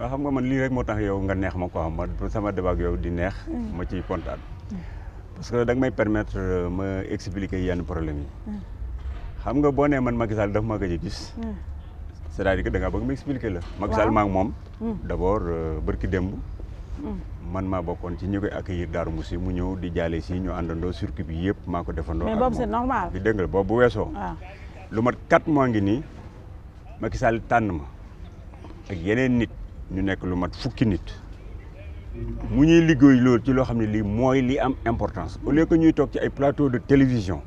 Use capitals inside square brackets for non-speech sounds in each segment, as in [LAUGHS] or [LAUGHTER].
waa xam nga man lii rek moo tax yow nga neex ma quoi ma sama débat ak yow di neex. Mm. ma ciy kontaan. Mm. parce que da may permettre euh, ma expliquer yenn problème yi. Mm. xam nga boo ne man Macky Sall daf ma gëj a gis. cest à da ngaa bëgg ma la. waaw Macky Sall ma ak moom. d'abord euh, bërki man maa bokkoon ci ñi koy accueillir Darou Moussi mu ñëw di jaale si ñu àndandoo circuit bi yëpp maa ko defandoo. ak moom mais boobu c'est normal. la boobu bu weesoo. lu mat 4 mois ngi nii Macky Sall tànn ma ak yeneen nit. ñu nekk lu mat fukki nit mu ñuy liggéey loolu ci loo xam ne lii mooy li am importance au lieu que ñuy toog ci ay plateau de télévision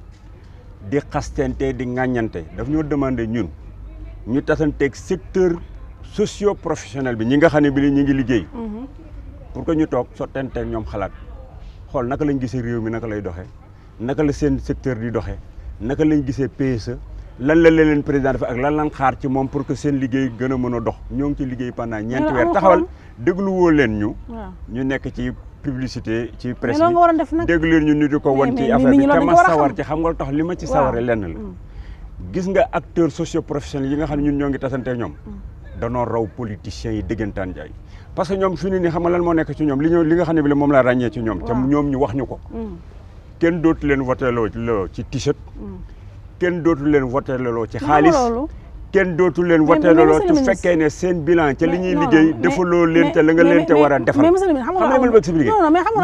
di xastente di ŋàññante daf ñoo demander ñun ñu tasanteeg secteur socio professionnel bi ñi nga xam ne bi li ñu ngi liggéey mhm. pour que ñu toog sottanteeg ñoom xalaat xool naka lañ gisee réew mi naka lay doxee naka la seen secteur di doxee naka lañ gisee PSE lan la leen président dafa ak lan lan xaar ci moom pour que seen liggéey gën a mën a dox ñoo ngi ci liggéey pendant ñeenti weer taxawal déglu woo leen ñu ñu nekk ci publicité ci presse bi déglu leen ñu nitu ko won ci affaire bi te ma sawar ci xam nga tax li ma ci saware lenn la mm. gis nga acteur socio professionnel yi nga xam ne ñun ñoo ngi tasante ñoom mm. danoo raw politiciens yi dëggantaan jaay parce que ñoom fi ñu ni xam nga lan moo nekk ci ñoom li ñu li nga xam ne bi la moom laa ràññee ci ñoom te ñoom ñu wax ñu ko mm. kenn dootu leen voté loo ci t kenn dootu leen voté loo ci xaalis kenn dootu leen voté loo ci fekkee ne seen bilan ci li ñuy liggéey defaloo leen te la nga leen te war a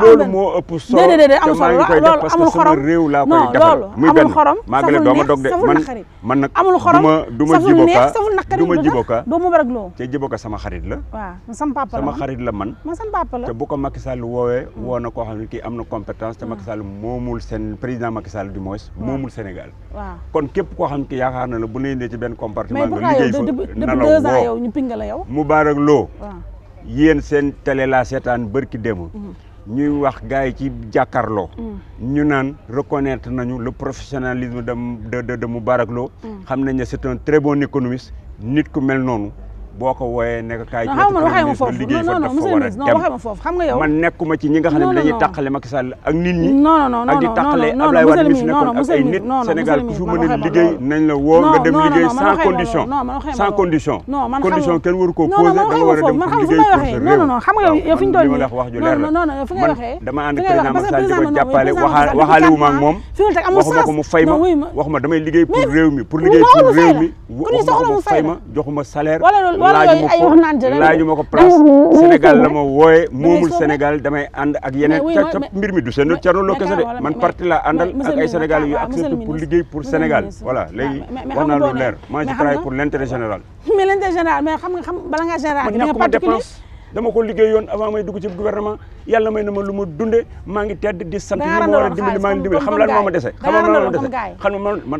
loolu moo ëpp solo te maa ngi koy def parce que sama laa koy defal muy benn maa ngi leen dooma dog de man man nag du ma du ma jibo ka duma jiboka doo mu rek loo te jiboka sama xarit la waaw sama papa sama xarit la man man sama papa la te bu ko Macky Sall woowee hmm. woo na koo xam ne kii am na compétence te hmm. Macky Sall moomul seen président Macky Sall du moins hmm. moomul Sénégal kon képp koo xam ki yaakaar na la bu lay indee ci benn compartiment nga liggéey fa depuis deux ans ñu pinga la yow mu barak loo yéen seen télé la seetaan bërki démb ñuy wax gars yi ci jàkkaarloo. Mm. ñu naan reconnaître nañu le professionalisme de de de Moubarak mm. xam nañ ne c'est un très bon économiste nit ku mel noonu. boo ko wooyee nekk kaay ci liggéey fa dafa war a dem man nekkuma ci ñi nga xam ne dañuy tàqale Macky Sall ak nit ñi ak di tàqale Abdoulaye Wade mi fi nekkoon ak ay nit Sénégal ku fi mën a liggéey nañ la woo nga dem liggéey sans condition sans condition condition kenn waru koo posé da nga war a dem pour liggéey pour sa réew xam nga yow fi ñu toll nii wax ju leer la man dama ànd ak président Macky Sall di ko jàppale waxaale wu ma ak moom waxuma ko mu fay ma waxuma damay liggéey pour réew mi pour liggéey pour réew mi waxuma ko mu fay ma joxuma salaire laajuma ko laajuma ko place [LAUGHS] Sénégal la ma wooye moomul Sénégal damay ànd ak yeneen ca mbir mi du seen Thierno Lo kese de man parti laa àndal ak ay Sénégal yu ah, accepté pour liggéey pour Sénégal voilà ah, léegi wax naa leer moi je travaille pour l'intérêt ah, général mais l'intérêt général mais xam nga xam dama ko liggéeyoon avant may dugg ci gouvernement yàlla may na ma lu ma dunde maa ngi tedd di sant ñi war a dimbali maa ngi dimbali xam lan moo ma dese xam lan moo ma dese xam nga man man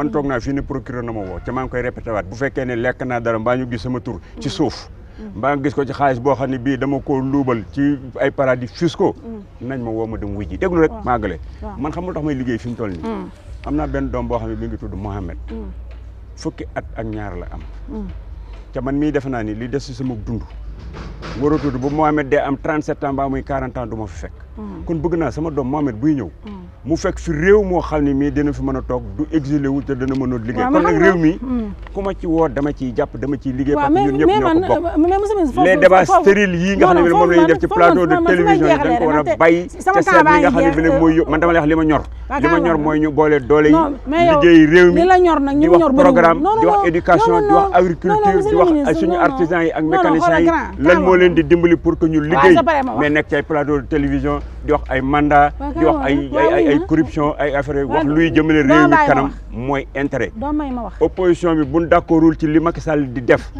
man toog naa fii ne procureur na ma woo ca maa ngi koy répété waat bu fekkee ne lekk naa dara mbaa ñu gis sama tur ci mm. suuf mm. mbaa nga gis ko ci xaalis boo xam ne bii dama koo luubal ci ay paradis fiscaux mm. nañ ma woo ma dem wujji déglu rek maagale man xam xamul tax may liggéey fi mu toll nii am naa benn doom boo xam ne bi ngi tudd Mohamed fukki at ak ñaar la am te man mii defe naa ni li des si sama dund waratudu bu Mohamed dee am 37 ans ba muy 40 ans du ma fi fekk Mm. kon bëgg naa sama doom Mohamed buy ñëw mm. mu fekk fi réew moo xam ne mii dina fi mën a toog du wu te dana mën a liggéey kon nag réew mi mm. ku ma ci woo dama ciy jàpp dama ci liggéey parce que ñun ñëpp ñoo ko bokk les débats stériles yii nga xam moom la ñuy def ci plateau de télévision yi dañ ko war a bàyyi ca seet li nga xam mooy euh, man dama lay wax li ma ñor li ma ñor mooy ñu boole doole yi liggéey di wax programme di wax éducation di wax agriculture di wax suñu artisans yi ak mécaniciens yi lan moo leen di dimbali pour que ñu liggéey mais nekk ci ay plateau de di wax ay manda di wax ay ay ay corruption ay affaire wax luy jëmale réew mi kanam mooy intérêt opposition bi buñ d'accordul ci li Macky Sall di def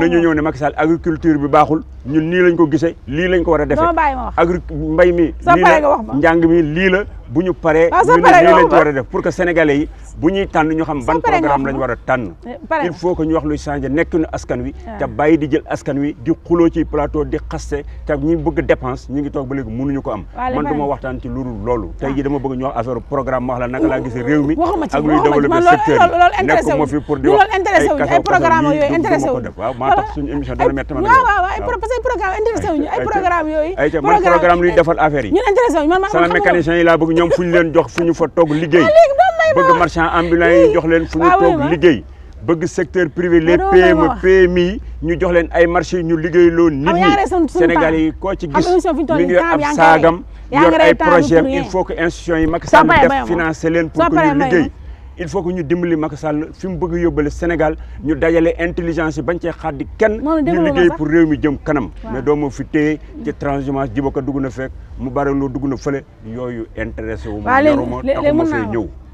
nañu ñëw ne Macky Sall agriculture bi baaxul ñu nii lañ ko gisee lii lañ ko war a defee agri mbay mi lii la njàng mi lii la bu ñu paree ah, ñu ne lii a def pour que yi bu ñuy tànn ñu xam ban programme lañ war a tànn eh, il faut que ñu wax luy changé nekkinu askan wi ah. te bàyyi di jël askan wi di xuloo ci plateau di xaste te ñi bëgg dépense ñu ngi toog ba léegi mënuñu ko am man ma waxtaan ci loolu loolu tey ji ah. dama bëgg ñu wax affaire programme wax la naka laa yi tax suñu émission dana métti man waaw waaw ay programme intéressé ay programme man programme luy defal affaire yi sama mécanicien yi laa bëgg ñoom fu ñu leen jox fu ñu fa toog liggéey bëgg marchand ambulant yi jox leen fu ñu toog liggéey bëgg secteur privé les PME PMI ñu jox leen ay marché ñu liggéey loo nit ñi Sénégal yi koo ci gis mi ngi ab saagam yor ay projet il faut que institution yi Macky Sall def financer leen pour que ñu liggéey il faut que ñu dimbali Macky Sall fi mu bëgg a yóbbale ñu dajale intelligence yi bañ cee xaddi kenn. ñu liggéey pour rew mi jëm kanam. mais doo ma fi téye ci transhumance ji ba ko dugg na fekk mu bare loo dugg na fële yooyu intéressé wu. ma yoruma ma fee ñëw